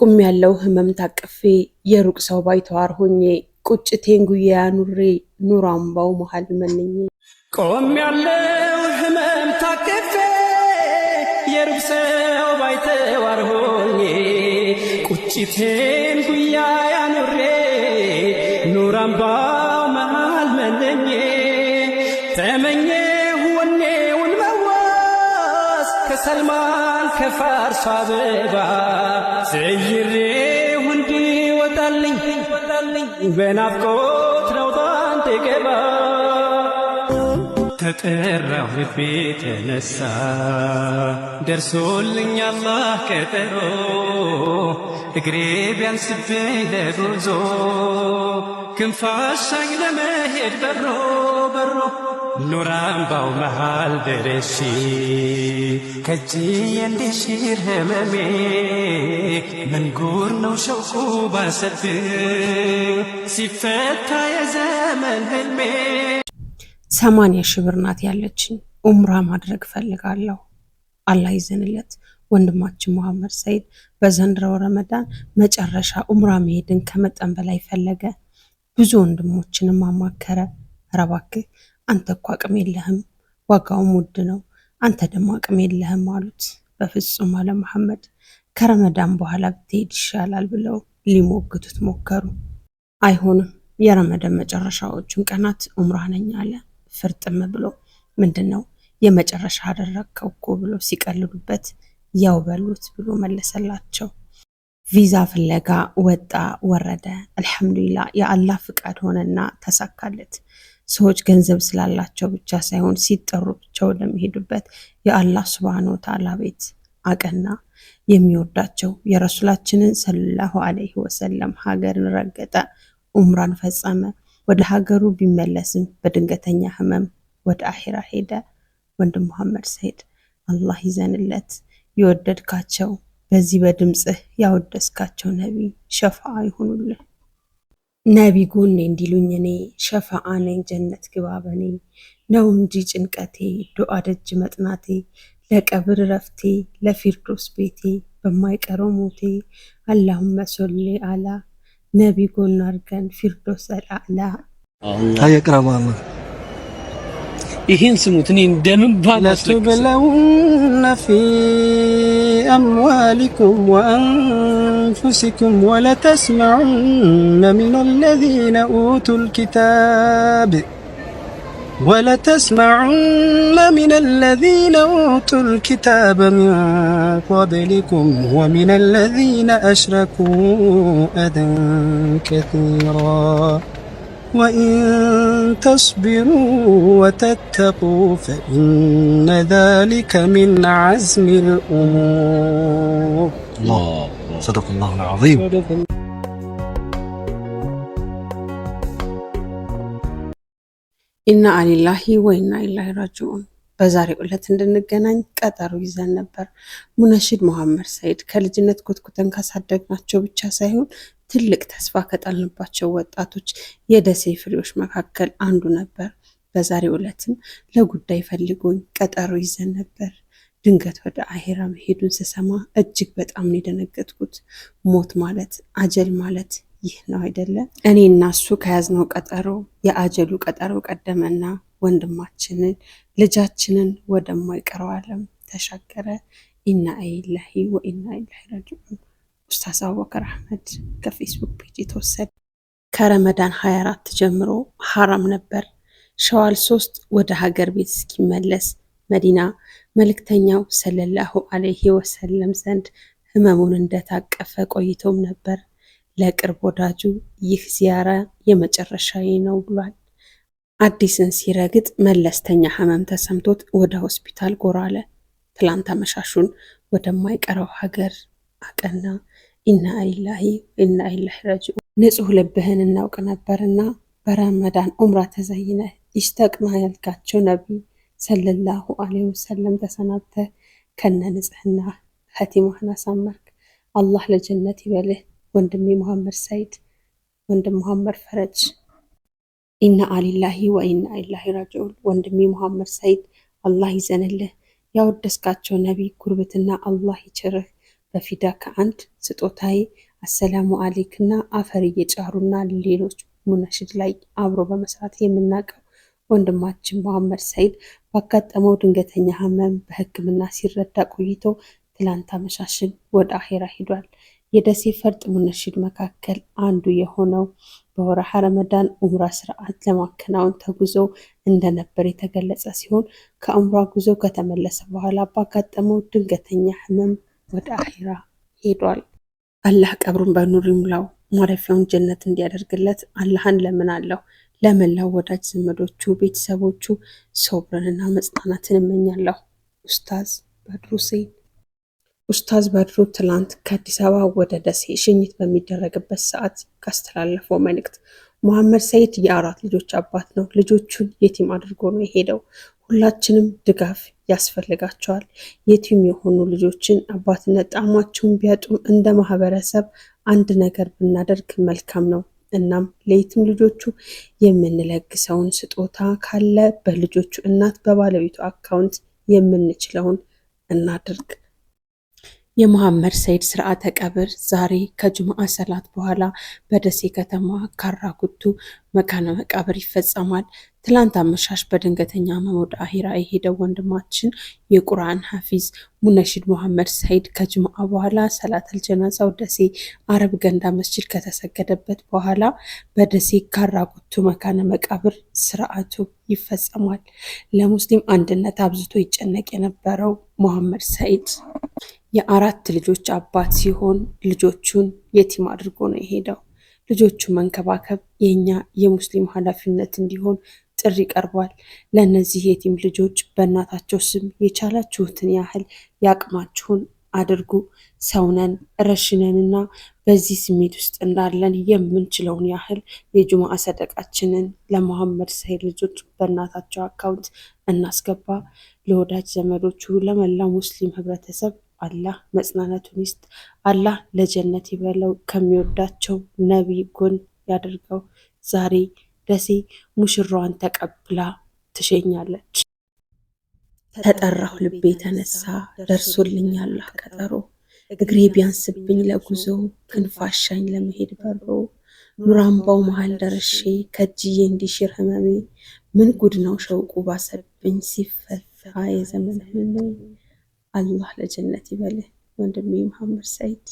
ቁም ያለው ህመም ታቅፌ የሩቅ ሰው ባይተዋር ሆኜ ቁጭቴን ጉያ ኑሬ ኑር አምባው መሃል መነኝ ቆም ያለው ህመም ታቅፌ የሩቅ ሰው ባይተዋር ሆኜ ቁጭቴን ጉያ ያኑሬ ኑር አምባው መሃል መነኝ ተመኘ ሰልማን ከፋርሷ አበባ ዘይሬው እንዲወጣልኝ በናፍቆት ነውጣ እንድገባ ተጠራሁ ልቤ ተነሳ ደርሶልኝ አላ ቀጠሮ እግሬ ቢያንስብኝ ለጉዞ ክንፋሻኝ ለመሄድ በሮ በሮ ኑራምባው መሃል ደረሺ ከጂ እንዲሽር ህመሜ መንጉር ነው ሸውቁ ባሰብ ሲፈታ የዘመን ህልሜ ሰማንያ ሺህ ብር ናት ያለችኝ። ኡምራ ማድረግ ፈልጋለሁ። አላህ ይዘንለት። ወንድማችን መሐመድ ሰይድ በዘንድሮው ረመዳን መጨረሻ ኡምራ መሄድን ከመጠን በላይ ፈለገ። ብዙ ወንድሞችንም አማከረ። ረባክህ አንተ እኮ አቅም የለህም፣ ዋጋውም ውድ ነው፣ አንተ ደግሞ አቅም የለህም አሉት። በፍጹም አለ መሐመድ፣ ከረመዳን በኋላ ብትሄድ ይሻላል ብለው ሊሞግቱት ሞከሩ። አይሆንም፣ የረመዳን መጨረሻዎቹን ቀናት ኡምራ ነኝ አለ ፍርጥም ብሎ። ምንድን ነው የመጨረሻ አደረግከው እኮ ብሎ ሲቀልዱበት ያው በሉት ብሎ መለሰላቸው። ቪዛ ፍለጋ ወጣ ወረደ። አልሐምዱሊላ የአላህ ፍቃድ ሆነና ተሳካለት። ሰዎች ገንዘብ ስላላቸው ብቻ ሳይሆን ሲጠሩ ብቻ ወደሚሄዱበት የአላህ ስብሃነ ወተዓላ ቤት አቀና። የሚወዳቸው የረሱላችንን ሰለላሁ አለህ ወሰለም ሀገርን ረገጠ፣ ኡምራን ፈጸመ። ወደ ሀገሩ ቢመለስም በድንገተኛ ህመም ወደ አሂራ ሄደ። ወንድም መሐመድ ሰይድ አላህ ይዘንለት። የወደድካቸው በዚህ በድምፅህ ያወደስካቸው ነቢይ ሸፋ ይሁኑልህ። ነቢ ጎኔ እንዲሉኝ እኔ ሸፋአ ነኝ ጀነት ግባ በኔ ነው እንጂ ጭንቀቴ ዱዓ ደጅ መጥናቴ ለቀብር ረፍቴ ለፊርዶስ ቤቴ በማይቀረው ሞቴ አላሁመ ሶሊ አላ ነቢ ጎን አርገን ፊርዶስ አላ ታየ ቅረባ يهين سموتنين سموتني ندم لتبلون في أموالكم وأنفسكم ولتسمعن من الذين أوتوا الكتاب ولتسمعن من الذين أوتوا الكتاب من قبلكم ومن الذين أشركوا أذى كثيراً وإن تصبروا وتتقوا فإن ذلك من عزم الأمور الله صدق الله العظيم إنا عن الله وإنا إليه راجعون በዛሬው ዕለት እንድንገናኝ ቀጠሮ ይዘን ነበር። ሙነሽድ መሐመድ ሰይድ ከልጅነት ኮትኩተን ካሳደግናቸው ብቻ ሳይሆን ትልቅ ተስፋ ከጣልንባቸው ወጣቶች የደሴ ፍሬዎች መካከል አንዱ ነበር። በዛሬው ዕለትም ለጉዳይ ፈልጎኝ ቀጠሮ ይዘን ነበር። ድንገት ወደ አሄራ መሄዱን ስሰማ እጅግ በጣም ነው የደነገጥኩት። ሞት ማለት አጀል ማለት ይህ ነው አይደለም። እኔ እና እሱ ከያዝነው ቀጠሮ የአጀሉ ቀጠሮ ቀደመና ወንድማችንን ልጃችንን ወደማይቀረው ዓለም ተሻገረ። ኢና ኢላሂ ወኢና ኢላሂ ራጂዑን። ኡስታዝ አቡበከር አህመድ ከፌስቡክ ፔጅ የተወሰደ ከረመዳን 24 ጀምሮ ሐራም ነበር። ሸዋል ሶስት ወደ ሀገር ቤት እስኪመለስ መዲና መልእክተኛው ሰለላሁ አለይሂ ወሰለም ዘንድ ህመሙን እንደታቀፈ ቆይቶም ነበር። ለቅርብ ወዳጁ ይህ ዚያራ የመጨረሻዬ ነው ብሏል። አዲስን ሲረግጥ መለስተኛ ህመም ተሰምቶት ወደ ሆስፒታል ጎራ አለ። ትላንት አመሻሹን ወደማይቀረው ሀገር አቀና። ኢና ኢላሂ ወኢና ኢለይሂ ራጂዑን። ንጹህ ልብህን እናውቅ ነበርና በረመዳን ኡምራ ተዘይነ ኢሽተቅና ያልካቸው ነቢይ ሰለላሁ ዐለይሂ ወሰለም ተሰናብተ ከነ ንጽሕና ኸቲማህን አሳመርክ። አላህ ለጀነት ይበልህ ወንድሜ መሐመድ ሰይድ፣ ወንድም መሐመድ ፈረጅ ኢና አሊላሂ ወኢና ኢላሂ ራጅዑን። ወንድሜ ሙሐመድ ሰይድ አላህ ይዘንልህ። ያወደስካቸው ነቢይ ጉርብትና አላህ ይችርህ። በፊዳ ከአንድ ስጦታዬ አሰላሙ አሌክና አፈር እየጫሩና ሌሎች ሙነሽድ ላይ አብሮ በመስራት የምናውቀው ወንድማችን ሙሐመድ ሰይድ ባጋጠመው ድንገተኛ ህመም በህክምና ሲረዳ ቆይቶ ትላንት አመሻሽን ወደ አሄራ ሂዷል። የደሴ ፈርጥ ሙነሽድ መካከል አንዱ የሆነው በወርሃ ረመዳን ኡምራ ስርዓት ለማከናወን ተጉዞ እንደነበር የተገለጸ ሲሆን ከኡምራ ጉዞ ከተመለሰ በኋላ ባጋጠመው ድንገተኛ ህመም ወደ አሂራ ሄዷል። አላህ ቀብሩን በኑር ይሙላው፣ ማረፊያውን ጀነት እንዲያደርግለት አላህን ለምናለሁ። ለመላው ወዳጅ ዘመዶቹ፣ ቤተሰቦቹ ሶብረንና መጽናናትን እመኛለሁ። ኡስታዝ በድሩ ሰይድ ኡስታዝ በድሩ ትላንት ከአዲስ አበባ ወደ ደሴ ሽኝት በሚደረግበት ሰዓት ካስተላለፈው መልእክት መሐመድ ሰይድ የአራት ልጆች አባት ነው። ልጆቹን የቲም አድርጎ ነው የሄደው። ሁላችንም ድጋፍ ያስፈልጋቸዋል። የቲም የሆኑ ልጆችን አባትነት ጣዕማቸውን ቢያጡም እንደ ማህበረሰብ አንድ ነገር ብናደርግ መልካም ነው። እናም ለየቲም ልጆቹ የምንለግሰውን ስጦታ ካለ በልጆቹ እናት በባለቤቱ አካውንት የምንችለውን እናድርግ። የሙሐመድ ሰይድ ስርዓተ ቀብር ዛሬ ከጁምአ ሰላት በኋላ በደሴ ከተማ ካራጉቱ መካነ መቃብር ይፈጸማል። ትላንት አመሻሽ በድንገተኛ ህመም ወደ አሂራ የሄደው ወንድማችን የቁርአን ሐፊዝ ሙነሽድ ሙሐመድ ሰይድ ከጅምዓ በኋላ ሰላተል ጀናዛው ደሴ አረብ ገንዳ መስጅድ ከተሰገደበት በኋላ በደሴ ካራጉቱ መካነ መቃብር ስርዓቱ ይፈጸማል። ለሙስሊም አንድነት አብዝቶ ይጨነቅ የነበረው ሙሐመድ ሰይድ የአራት ልጆች አባት ሲሆን ልጆቹን የቲም አድርጎ ነው የሄደው። ልጆቹ መንከባከብ የእኛ የሙስሊም ኃላፊነት እንዲሆን ጥሪ ቀርቧል። ለእነዚህ የቲም ልጆች በእናታቸው ስም የቻላችሁትን ያህል ያቅማችሁን አድርጉ። ሰውነን ረሽነንና በዚህ ስሜት ውስጥ እንዳለን የምንችለውን ያህል የጁማ ሰደቃችንን ለመሐመድ ሰይድ ልጆች በእናታቸው አካውንት እናስገባ። ለወዳጅ ዘመዶቹ፣ ለመላ ሙስሊም ህብረተሰብ አላህ መጽናናቱን ይስጥ። አላህ ለጀነት ይበለው። ከሚወዳቸው ነቢ ጎን ያደርገው። ዛሬ ደሴ ሙሽራዋን ተቀብላ ትሸኛለች። ተጠራሁ ልቤ ተነሳ፣ ደርሶልኝ አላህ ቀጠሮ። እግሬ ቢያንስብኝ ለጉዞ፣ ክንፋሻኝ ለመሄድ በሮ። ኑራምባው መሃል ደርሼ፣ ከጅዬ እንዲሽር ህመሜ። ምን ጉድ ነው ሸውቁ ባሰብኝ፣ ሲፈታ የዘመን ህመሜ። አላህ ለጀነት ይበልህ ወንድሜ መሀመድ ሰኢድ።